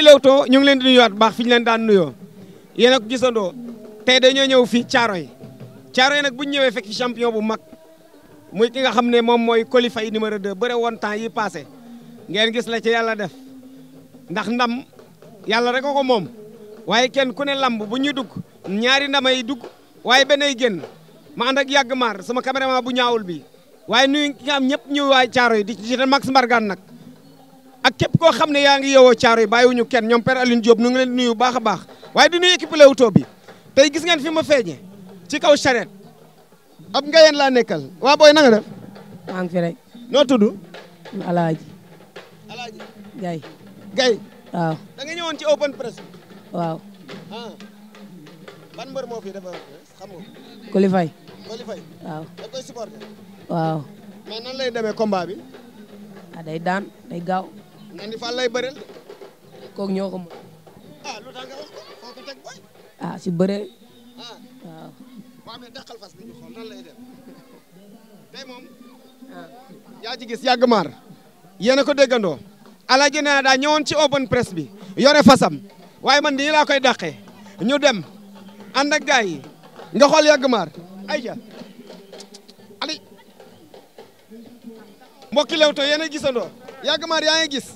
ci Leewtoo ñu ngi leen di nuyuwaat bu baax fi ñu leen daan nuyoo yéen a ko gisandoo tey dañoo ñëw fii Thiaroye Thiaroye nag bu ñu ñëwee fekk champion bu mag muy ki nga xam ne moom mooy Coly Faye numéro 2 bëre woon temps yi passé ngeen gis la ci yàlla def ndax ndam yàlla rek ko moom waaye kenn ku ne làmb bu ñuy dugg ñaari ndamay dugg waaye benay génn ma ànd ak yàgg maar sama caméraman bu ñaawul bi waaye nuyu nga am ñëpp ñëw waay Thiaroye di ci Max Mbargane nag ak képp koo xam ne yaa ngi yeewoo caaro yi bàyyiwuñu kenn ñoom père Alioune Diop ñu ngi leen di nuyu baax a baax waaye di nuyu équipe Leewtoo tey gis ngeen fi ma feeñee ci kaw charette ab ngayeen laa nekkal waa booy na nga def. maa rek. noo tudd. Alaaji. Alaaji. Gaye. Gaye. ci open press. waaw. ah xam nga. Coly Faye. da demee combat bi. Ah, day daan day gaaw. Nandy Fall lay bëreel de. kooku ñoo ko mën. ah lu tax nga wax ko ah, si bëree. Ah. Ah. yaa ci gis yàgg maar. yéen a ko déggandoo. Alaaji nee daa ñëwoon ci open press bi. yore fasam waaye man nii laa koy dàqee. ñu dem ànd ak nga xool yàgg maar ayja ali mbokki Leewtoo yéen a gisandoo. yàgg maar yaa ngi gis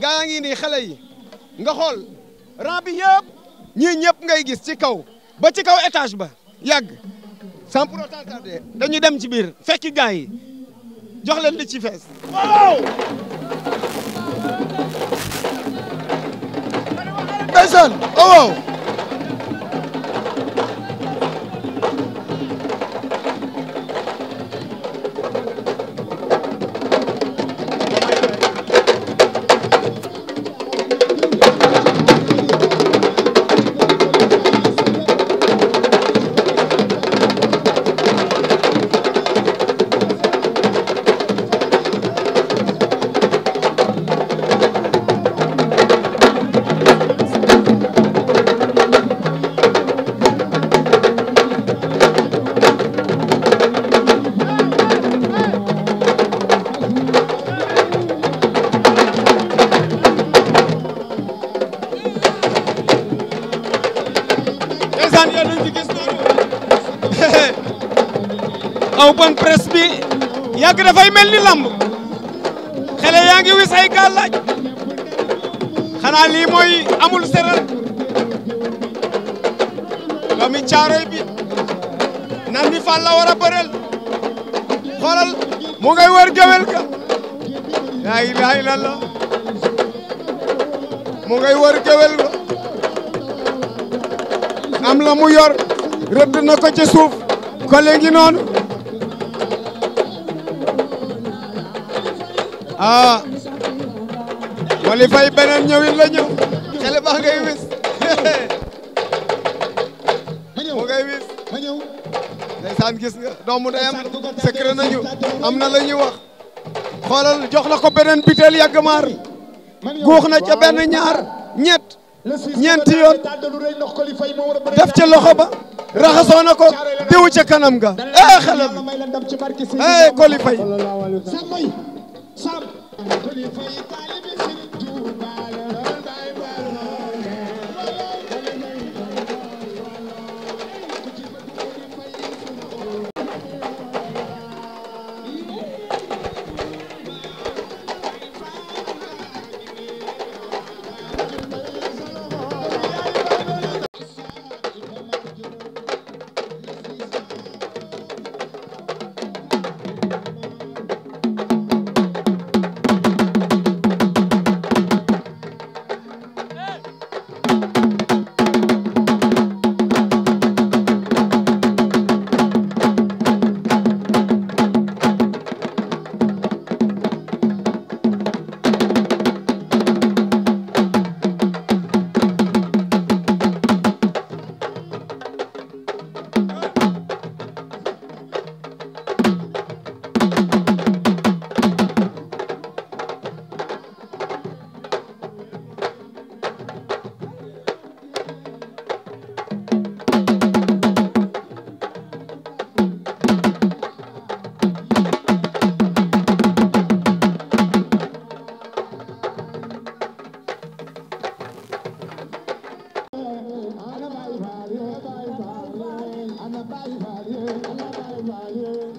gaa yaa ngi ni xale yi nga xool rang bi yëpp ñii ñëpp ngay gis ci kaw ba ci kaw étage ba yàgg sans pour autant dañu dem ci biir fekki gaa yi jox leen ci fees waaw ndeysaan oh, lamb xale yaa ngi wis ay gàllaaj xanaa lii mooy amul séeréer doomi caaroy bi nan ni fan la war a bëreel xoolal mu ngay wër géwél ga laa ilaaha illallah mu ngay wër géwél ga am la mu yor rëdd na ko ci suuf ko léegi noonu ah Wally Faye beneen ñëwin la ñëw xale baa ngay wis mu ngay wis ndeysaan gis nga doomu dayam secret nañu am na la ñuy wax xoolal jox na ko beneen butéel yàgg maar guux na ca benn ñaar ñett ñeenti yoon def ca loxo ba raxasoo na ko diw ca kanam ga eh xale bi eh Coly Faye Kuli fay kali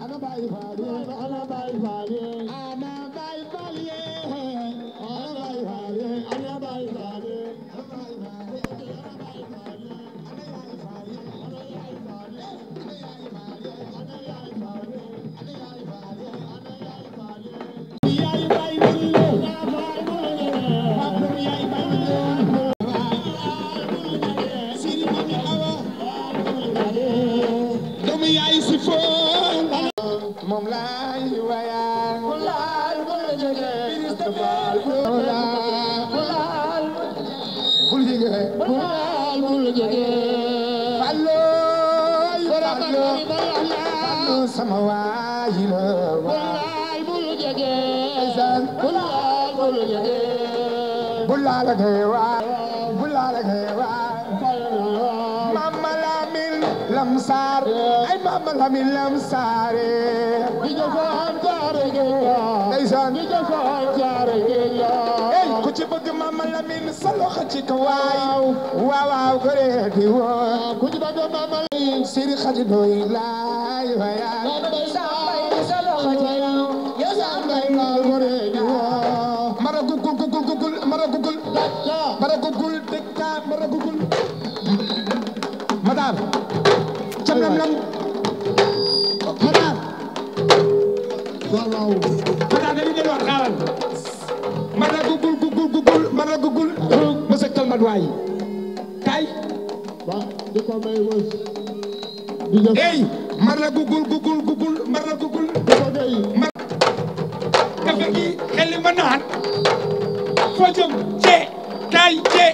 ana bàyyi faal sama waay la wallaay bul jege san wallaay bul jege bulala ge wa bulala ge wa mama lamin lamsar ay mama lamin lamsare di jogo am dare ge ndeysaan bëgg Mama Lamine sa loxo ci kaw waaw waaw goree di woon ku ci bëgg Mama Lamine siri xadi doy laay waay sa bay sa loxo ci kaw ya sa bay waaw goree di woon mara gugul gugul gugul mara gugul mara gugul dëkka mara gugul madar cam lam lam madar waaw waaw madar dañu delluwaat xaaral mara gugul kon waay kay wax di ko may wës di jëf ey mar la gugul gugul gugul mar la gugul di ko may mar kafe gi xel ma naan foo jëm cee kay cee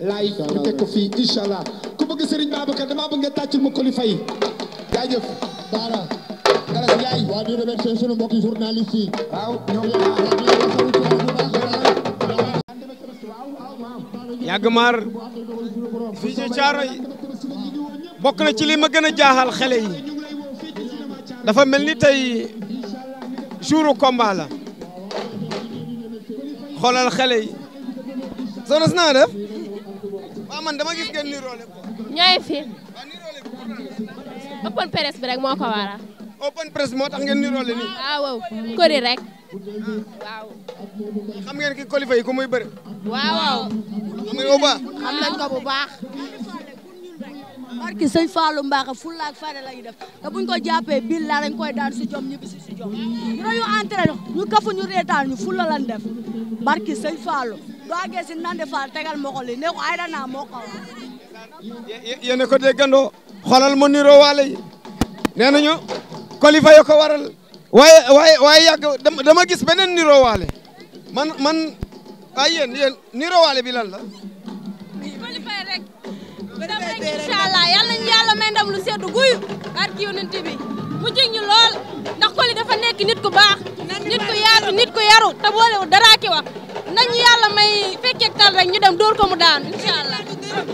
laay bu teg ko fii incha allah ku bëgg Serigne Babacar damaa bëgg nga tàccul ma Coly Faye jaajëf waaye di remercier sunu mbokki journaliste yi waaw fii ci Caaroy bokk na ci li ma gën a jaaxal xale yi dafa mel ni tey jouru combat la xoolal xale yi soxna si naa def ñooy fi open presse bi rek moo ko waral kon press moo tax ngeen niroole nii. Ah, waaw kori rek. Ah. waaw. xam ngeen kolifa yi ko bu baax. xam nañ ko bu baax. barki sëñ Fallou Mbaka fulla ak fayda la ñuy def te buñ bil la dañ koy daan si jom ñibbi si si jom dinañu entraîné ñu kafu ñu reetaan ñu fulla lañ def barki sëñ Fallou doo ne ko ay danaa moo ko wax yéen a ko déggandoo xoolal kolifa yo ko waral waaye waaye waaye dama gis beneen nirowaale man man ay yéen yéen nirowaale bi lan la kolifay rek ndam rek incha allah yal nañu may ndam lu seddu guyu barki yonent bi mu jig ñu lool ndax koli dafa nekk nit ku baax nit ku yaatu nit ku yaru te boolewul daraa ki nañu yàlla may fekkee tal rek ñu dem dóor ko mu daan incha allah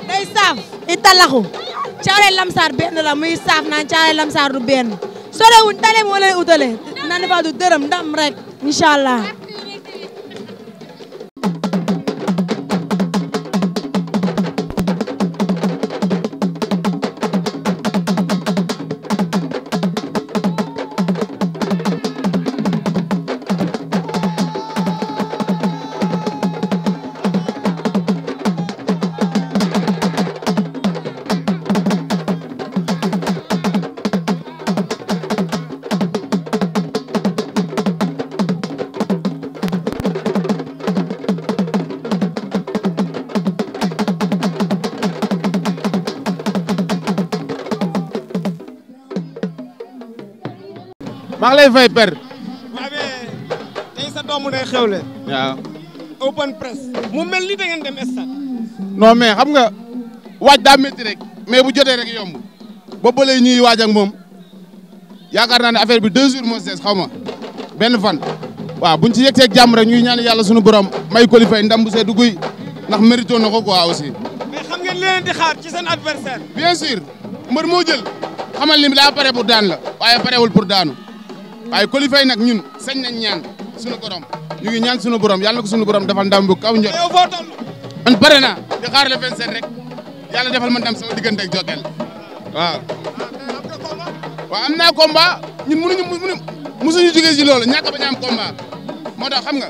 day saaf i talaxu caare la muy saaf naan caare lamsaar du benn sorewuñ tale moo leen utale naan fa du dërëm ndam rek incha allah maa ngi lay fay per. waaw tey sa doomu mu mel ni da ngeen dem stade. non mais xam nga waaj daa métti rek. mais bu jotee rek yomb. ba ba lay ñuy waaj ak moom yaakaar naa ne affaire bi deux jours moo des benn fan. waaw buñ ci yegteeg jàmm rek ñuy ñaan yàlla suñu borom may ko fay ndam bu seddu guy ndax mérito na ko quoi aussi. mais xam ngeen leen di xaar ci seen adversaire. bien sûr mbër moo jël xamal ni daa pare pour daan la waaye parewul pour daanu. waaye qualifié nag ñun sañ nañ ñaan suñu borom ñu ngi ñaan suñu borom yàlla na ko suñu borom defal ndam bu kaw njot man pare na di xaar le 27 rek yàlla defal ma sama diggante ak Jokal waaw waaw am naa combat ñun mënuñu mënuñu mësuñu jógee si loolu ñàkk bañ am moo tax xam nga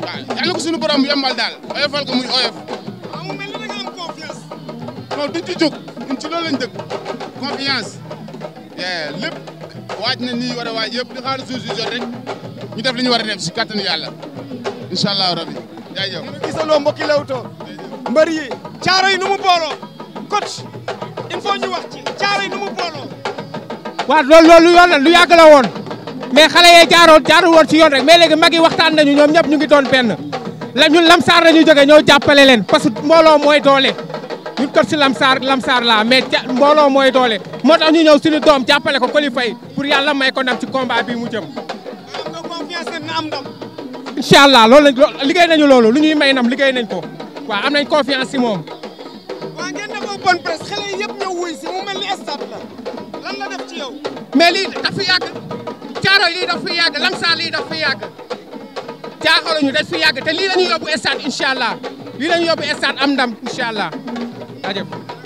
waaw yàlla ko suñu borom yombal daal oyofal ko muy oyof ah, mu mel ni da ñun ci loolu lañ dëkk confiance lépp waaj na nii war a yëpp di xaar suuf jot rek ñu def li ñu war a def si kattanu yàlla incha allahu rabi jaajëf. ñu gisandoo mbokki Leewtoo mbër yi caaro yi nu mu booloo coach il faut wax ci caaro yi nu mu booloo. waaw loolu loolu yoon la lu yàgg woon mais xale yee jaaroo jaarul woon ci yoon rek mais léegi mag yi waxtaan nañu ñoom ñëpp ñu ngi doon benn la ñun lamsaar la ñuy jógee ñoo jàppale leen parce que mbooloo mooy doole. ñun kot si lamsaar lamsaar laa mais mbooloo mooy doole moo tax ñu ñëw suñu doom jàppale ko Coly Faye pour yàlla may ko ndam ci combat bi mu jëm. am ndam. incha allah loolu lañ liggéey nañu loolu lu ñuy may ndam liggéey nañ ko waaw am nañ confiance si moom. waaw ngeen def open press xale yi yëpp si mu mel ni stade la lan la def ci yow. mais lii daf fi yàgg caaro lii daf fi yàgg lamsaar lii daf fi yàgg jaaxaluñu daf fi yàgg te allah bii lañ yóbbu stade am ndam incha allah ajab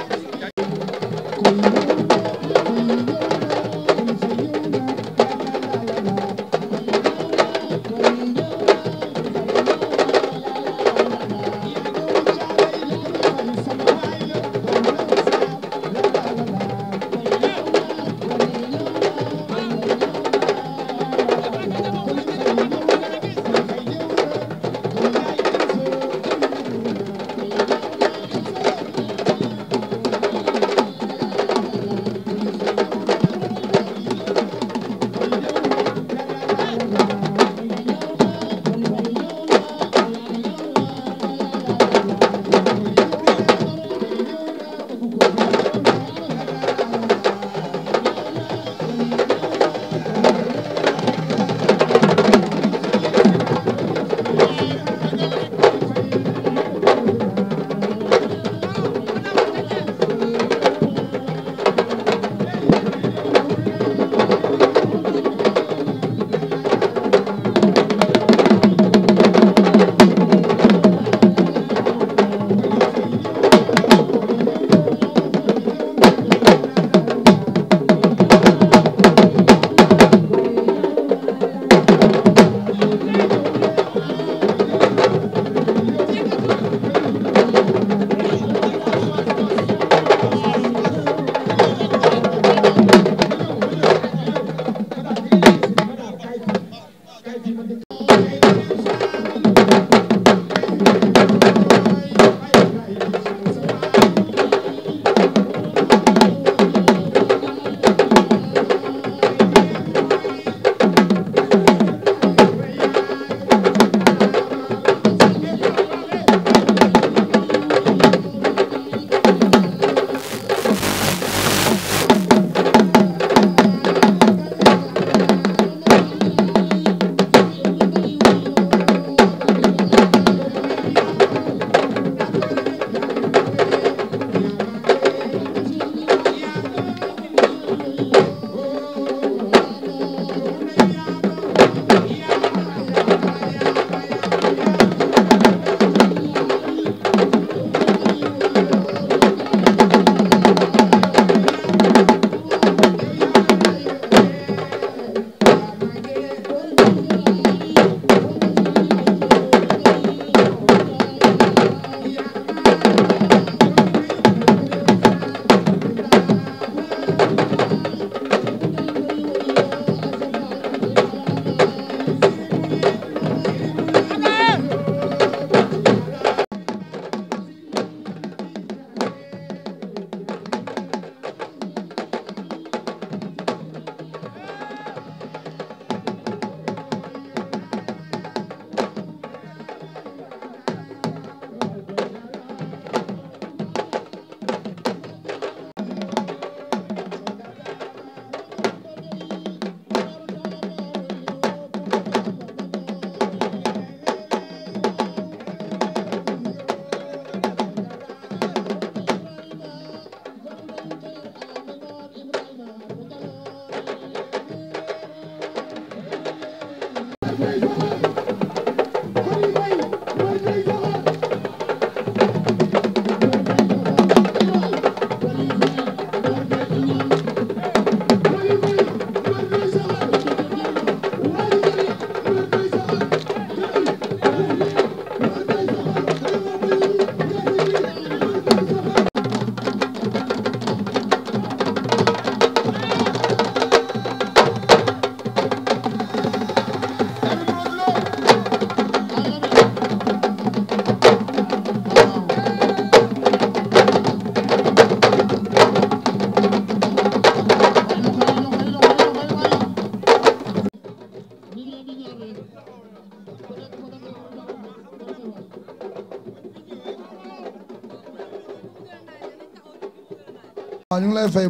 lay fay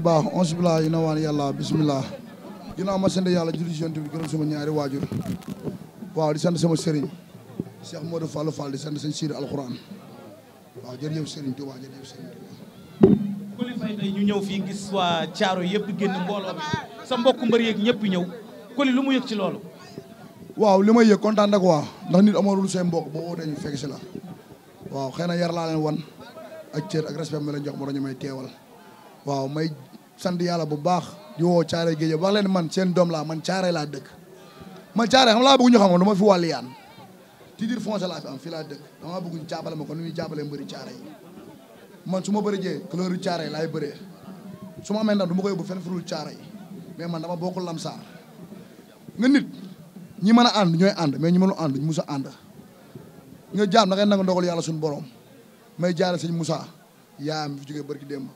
yi na waan yàlla bismillah ma sant yàlla julli bi gërëm sama ñaari waajur waaw di sant sama sëriñ Cheikh Modou Fallou Fall di sant sëñ Sidi Alxuraan waaw ñu ñëw fii gis waa Thiaroye yëpp génn mbooloo bi sa mbokk mbër ñëpp ñëw Coly lu mu yëg ci loolu li may yëg kontaan waa ndax nit amoolul say mbokk boo wootee ñu fekk si la waaw xëy na yar wan ak cër ak respect mi jox mo ñu may teewal waaw may sant yàlla bu baax di woo caare géej wax leen man seen doom laa man caare laa dëkk man caare xam laa bëgg ñu xamoon dama fi wàllu yaan titre foncier laa fi am fii laa dëkk dama bëgg ko nu ñuy jàppale mbëri man su ma bëri jee couleur caare laay bëree su ma amee ndam du ma ko yóbbu fenn furul caare mais man dama bokkul lamsaar nga nit ñi mën a ànd ñooy ànd mais ñi mënu ànd ñu musa ànd nga jaam da ngay nangu ndogal yàlla suñu borom may jaare sëñ Moussa yaayam fi jógee bërki démb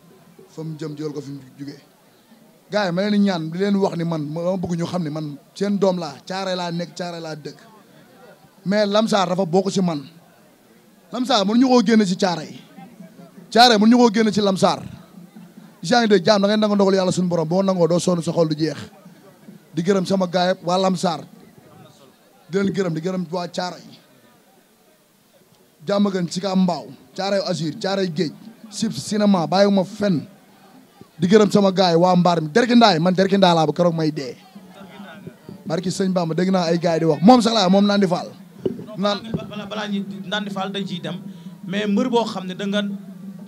fa mu jëm jël ko fi mu jugee gars yi ma leen ñaan di leen wax ni man ma bëgg ñu xam ne man seen doom laa caare laa nekk caare laa dëkk mais lamsaar dafa bokk si man lamsaar mënu ñu koo génne si caare yi caare mënu ñu koo génne si lamsaar yaa ngi dégg jaam da ngay nangu ndogal yàlla suñu borom boo nangoo doo sonn sa du jeex di gërëm sama gaay yëpp waa lamsaar di leen gërëm di gërëm waa caare yi jàmm gën si ka mbaaw caare yu asir caare géej sib cinéma fenn di gërëm sama gars yi waa mbaar mi derki ndaay man derki ndaa laa ba keroog may dee barki sëñ Bamba dégg naa ay gars yi di wax moom sax moom naan di faal naan balaa faal dañ ciy dem mais mbër boo xam ne da nga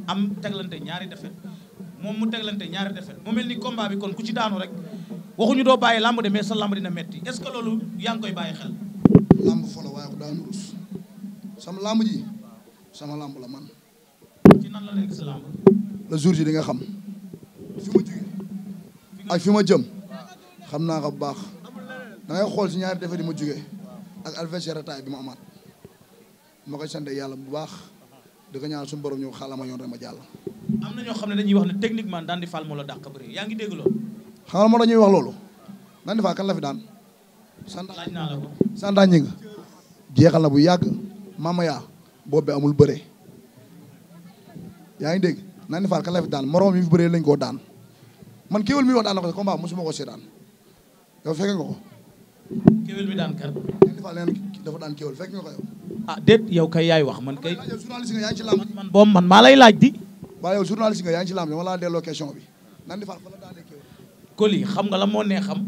am teglante ñaari defet moom mu teglante ñaari defet mu mel ni combat bi kon ku ci daanu rek waxuñu doo bàyyi làmb de mais sa làmb dina metti est ce que loolu yaa ngi koy bàyyi xel làmb folo waaye ko daanu rus sama làmb ji sama làmb la man la jour ji di nga xam ak fi ma jëm xam naa ko bu baax da ngay xool si ñaari defet yi ma jugee ak adversaire taay bi ma amaat ma koy sant yàlla bu baax di ko ñaan suñu borom ñëw xaala ma yoon rek ma jàll. am ñoo xam ne dañuy wax ne techniquement daan di faal moo la dàq yaa ngi dégg loolu. xamal moo dañuy wax loolu daan di faal kan la daan. santa laaj jeexal na bu yàgg mama yaa boobu amul bëre yaa ngi dégg. Nandy Fall kan la fi daan morom yi bëree lañ koo daan man kéwél mi wax daan na ko combat mosuma ko seetaan yow fekke nga ko. kéwél bi daan kan. Nandy Fall neen dafa daan kéwél fekk nga ko yow. ah déet yow kay man kay. yow journaliste nga yaa ngi man boobu man maa lay laaj di. waaw yow journaliste nga yaa ngi ci delloo question bi Nandy Fall fa xam nga la moo nee xam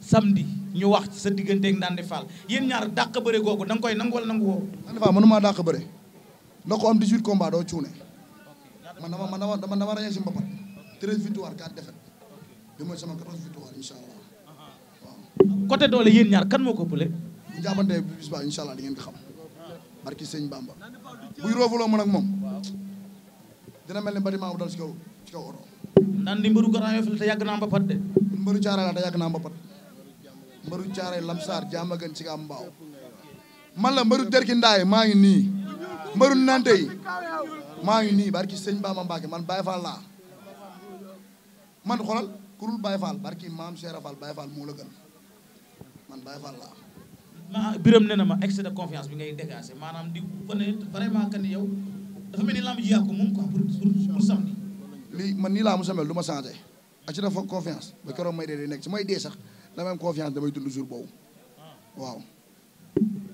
samedi ñu wax ci sa digganteeg Nandy Fall yéen ñaar dàq bëre googu da nga koy nangu wala nangu woo. Nandy Fall mënuma dàq bëre ndax ko am 18 doo cuune man dama man dama dama dama ràññee si mbapat treize victoire quatre défaite bi mooy sama quatorze victoire incha allah waaw. côté doole yéen ñaar kan moo ko ëppale. bu jaabante bi ba incha di ngeen ko xam barki sëñ Bamba buy roofuloo man ak moom dina mel ne bâtiment bu dal si kaw oto. naan di mbëru Grand la te yàgg naa mbapat de. mbëru Caaray la te yàgg naa mbapat mbaru Caaray Lamsaar mbaru Derki maa ngi nii mbaru Nante maa ngi nii barki sëñ Bamba Mbacke man Baye Fall laa man xoolal ku dul Baye barki maam Cheikh Fall Baye Fall moo la gën man Baye Fall laa. ma biram nee na ma excès de confiance bi ngay dégager maanaam di ko ne vraiment yow dafa mel ni lamb ji yaa ko moom quoi nii laa mu samel du ma changé ak ci dafa confiance ba keroog may dee di nekk su may dee sax dama am confiance damay dund jour boobu ah. waaw.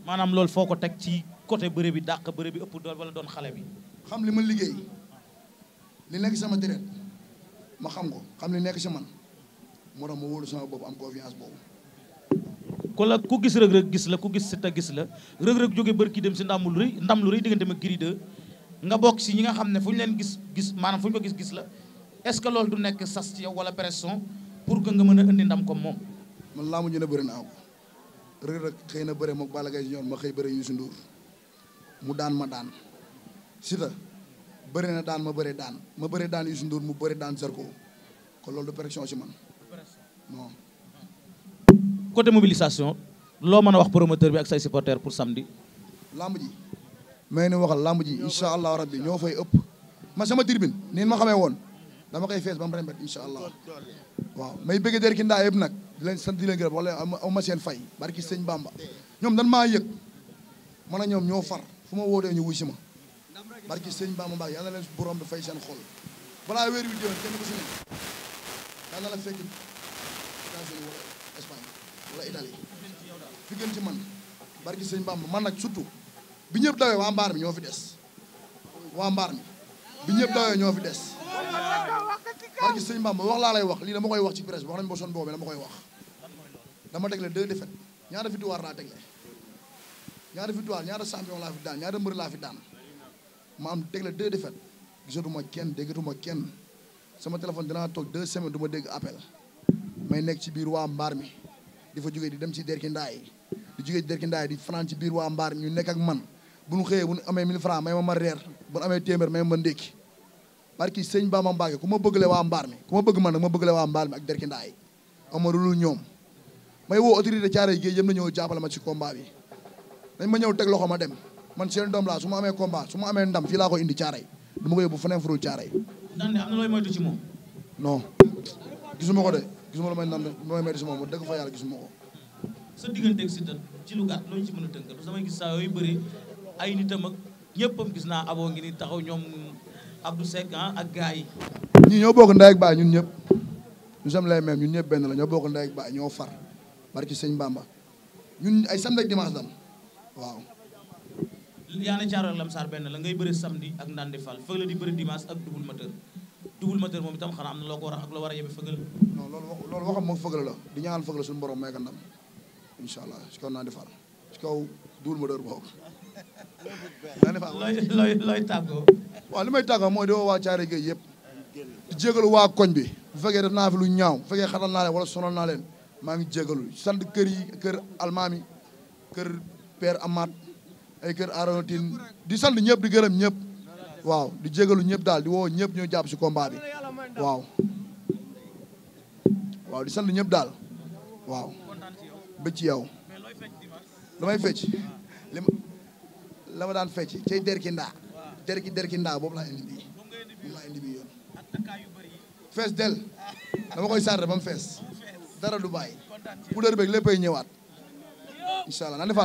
maanaam loolu foo ko teg ci côté bëre bi dàq bëre bi ëpp dool wala doon xale bi. xam li ma liggéey li nekk sama deret ma xam ko xam li nekk si man moo tax ma wóolu sama bopp am confiance boobu. kon la ku gis rëg-rëg gis la ku gis Siteu gis la rëg-rëg jóge bër kii dem si ndam lu rëy ndam lu rëy diggante ma Gris nga bokk si ñi nga xam ne fu ñu leen gis gis maanaam fu ñu ko gis gis la est-ce que loolu du nekk sas ci yow wala pression pour que nga mën a indi ndam comme moom. man laa mu ñu ne bëri naa ko rëg-rëg xëy na bëre mook Balla Gaye si ñoom ma xëy bëre mu daan ma daan. Siteu bari na daan ma bari daan ma bari daan Youssou mu bari daan Zarko kon loolu du pression si man non. côté mobilisation loo man a wax promoteur bi ak say supporters pour samedi. lamb ji may ni waxal lamb ji incha allah rabbi ñoo fay ëpp ma sama tribune nii ma xamee woon dama koy fees ba mu rembet incha allah waaw may bëgg der ki yëpp nag di leen sant di leen gërëm ma seen fay barki sëñ Bamba ñoom dan maa yëg man a ñoom ñoo far fu ma wootee ñu wuy si ma barki sëñ Bamba Mbacke yàlla na leen borom bi fay seen xol balaa weer wi déwén kenn ku si nekk yàlla na la fekk États-Unis wala Espagne wala Italie fi ci man barki sëñ man nag surtout bi ñëpp dawee waa mbaar mi ñoo fi des waa mbaar mi bi ñëpp dawee ñoo fi des barki sëñ ma wax laa lay wax lii dama koy wax ci presse wax nañu ba son boobu dama koy wax dama tegle deux défaites ñaata victoire laa tegle ñaata victoire ñaata champion laa fi daan ñaata laa fi daan ma am teg la deux défaites gisatuma kenn déggatuma kenn sama téléphone dinaa toog deux semaines du ma dégg appel may nekk ci biir waa mbaar mi di fa jógee di dem ci derki ndaay di jógee ci derki di fanaan ci biir waa mbaar mi ñu nekk ak man bu ñu xëyee bu ñu amee 1000 francs may ma ma reer bu ñu amee téeméer may ma ndékki barki sëñ Bamba Mbàkke ku ma bëggale waa mbaar mi ku ma bëgg ma nag ma bëggale waa mbaar ak derki ndaay ama lulu ñoom may woo autorité Thiaroye Géej yëpp na ñëw jàppale ma ci combat dañ ma ñëw teg loxo ma dem man seen doom laa su ma amee combat su ma amee ndam fii laa ko indi caaray du ma ko yóbbu feneen furul caaray. daan na am na looy moytu ci moom. non gisuma ko de gisuma lu may naan mooy moytu dëgg fa yàlla gisuma ko. sa digganteeg Siteu ci lu gàtt a tënkal parce gis saa yooyu bëri ay nitam ak ñëppam gis naa aboo ngi ni taxaw ñoom Abdou Seck ah ak gars yi. ñii ñoo bokk ndey ak baay ñun ñëpp nous sommes les mêmes ñun ñëpp benn la ñoo bokk ndey ak baay ñoo far barki sëñ Bamba ñun ay samedi ak dimanche dam waaw. Yaana Thiaroye ak Lamsaar benn la ngay bëre samedi ak Ndandi Fall fëgg la di bëre dimanche ak double moteur double moteur moom itam xanaa am na loo ko war a ak loo fëgg la non loolu loolu waxam moom fëgg la di ñaanal fëgg la suñu borom may ko ndam incha allah si kaw Ndandi Fall si looy tàggoo waaw li may tàggoo mooy di woo waa Thiaroye Géej yëpp di waa koñ bi bu fekkee def naa fi lu ñaaw bu fekkee xatal naa leen wala sonal naa maa ngi jégalu sant kër yi kër almaami kër père Amath ay kër Arona di sant ñëpp di gërëm ñëpp waaw di jégalu ñëpp daal di woo ñëpp ñoo jàpp si combat bi waaw di sant ñëpp daal waaw ba ci yow damay fecc li la ma daan fecc cay derki ndaa boobu laa indi bii moom laa indi bii yoon fees del dama koy sarre ba mu fees dara du ñëwaat incha allah na ne fa